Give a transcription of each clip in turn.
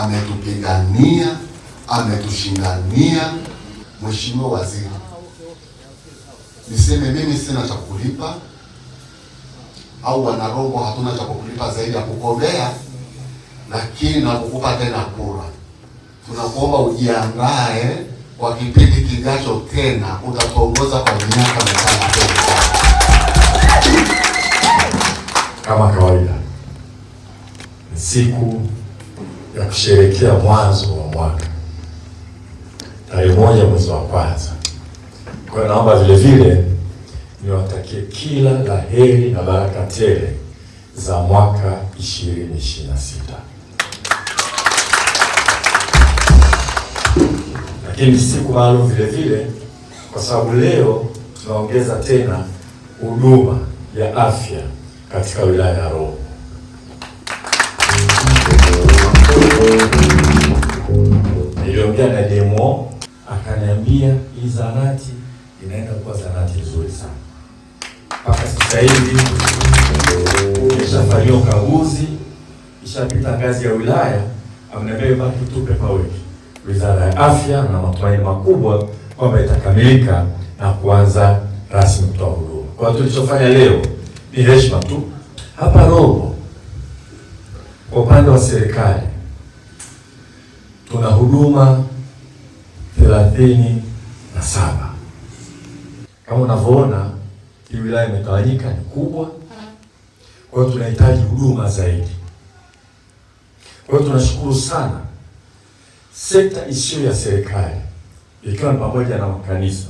ametupigania, ametushindania. Mheshimiwa Waziri, niseme mimi sina cha kulipa au wanarongo hatuna cha kukulipa zaidi ya kukobea lakini nakukupa tena kura. Tunakuomba ujiandae kwa kipindi kijacho, tena utatuongoza kwa miaka mitano kama kawaida. Siku ya kusherekea mwanzo wa mwaka tarehe moja mwezi wa kwanza. Kwa hiyo naomba vile vile niwatakie kila la heri na baraka tele za mwaka 2026 lakini siku maalum vile vile, kwa sababu leo tunaongeza tena huduma ya afya katika wilaya ya Rombo. Niliongea na DMO akaniambia hii zahanati inaenda kuwa zahanati nzuri sana. Mpaka sasa hivi imeshafanyiwa ukaguzi, ishapita ngazi ya wilaya, ameniambia baki tu paperwork Wizara ya Afya, na matumaini makubwa kwamba itakamilika na kuanza rasmi kutoa huduma. Kwa tulichofanya leo ni heshima tu hapa Rombo, kwa upande wa serikali tuna huduma thelathini na saba. Kama unavyoona hii wilaya imetawanyika, ni kubwa, kwa hiyo tunahitaji huduma zaidi. Kwa hiyo tunashukuru sana sekta isiyo ya serikali ikiwa ni pamoja na makanisa,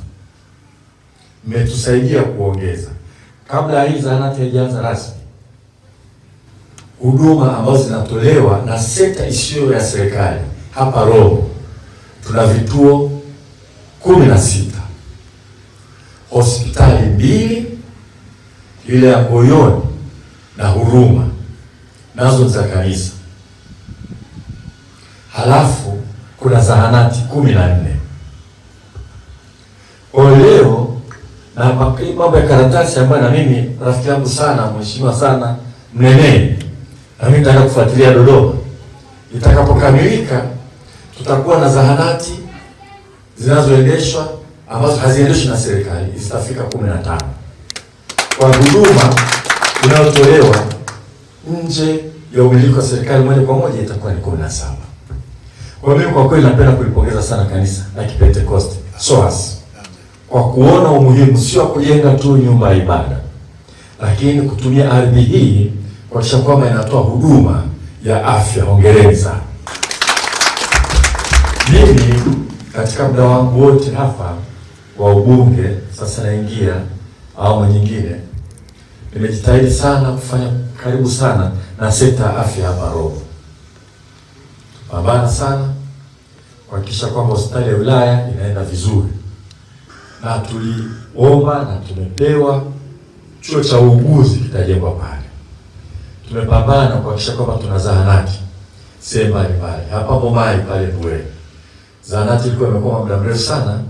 mmetusaidia kuongeza. Kabla hii zahanati haijaanza rasmi, huduma ambazo zinatolewa na sekta isiyo ya serikali hapa Roho tuna vituo kumi na sita, hospitali mbili, ile ya Moyoni na Huruma, nazo za kanisa. Halafu kuna zahanati kumi na nne. Kwa leo na mambo ya karatasi ambayo na mimi rafiki yangu sana mheshimiwa sana Mnene, na mimi nataka kufuatilia Dodoma itakapokamilika tutakuwa na zahanati zinazoendeshwa ambazo haziendeshwi na serikali zitafika kumi na tano kwa huduma inayotolewa nje ya umiliki wa serikali moja kwa moja itakuwa ni kumi na saba. Kwa mimi kwa kweli napenda kulipongeza sana kanisa la Kipentekoste SOAS kwa kuona umuhimu sio kujenga tu nyumba ya ibada, lakini kutumia ardhi hii kuhakikisha kwamba inatoa huduma ya afya. Hongereni sana. Mimi katika muda wangu wote hapa wa ubunge, sasa naingia awamu nyingine, nimejitahidi sana kufanya karibu sana na sekta ya afya hapa Rombo, pambana sana kuhakikisha kwamba hospitali ya wilaya inaenda vizuri, na tuliomba na tumepewa chuo cha uuguzi kitajengwa pale. Tumepambana kuhakikisha kwamba tuna zahanati sehemu mbalimbali hapa Momai pale Mbweni zahanati ilikuwa imekuwa muda mrefu sana,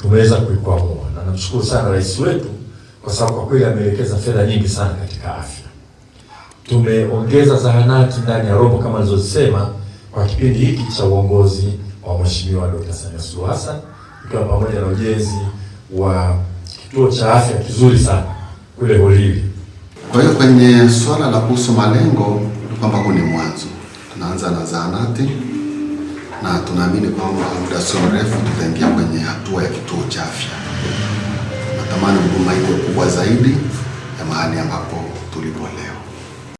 tumeweza kuikwamua na namshukuru sana rais wetu, kwa sababu kwa kweli ameelekeza fedha nyingi sana katika afya. Tumeongeza zahanati ndani ya robo kama nilizosema kwa kipindi hiki cha uongozi wa Mheshimiwa Dkt. Samia Suluhu Hassan, ikiwa pamoja na ujenzi wa kituo cha afya kizuri sana kule Holili. Kwa hiyo kwenye swala la kuhusu malengo kwamba huu ni mwanzo, tunaanza na zahanati na tunaamini kwamba muda sio mrefu tutaingia kwenye hatua ya kituo cha afya. Natamani huduma iwe kubwa zaidi ya mahali ambapo tulipo leo.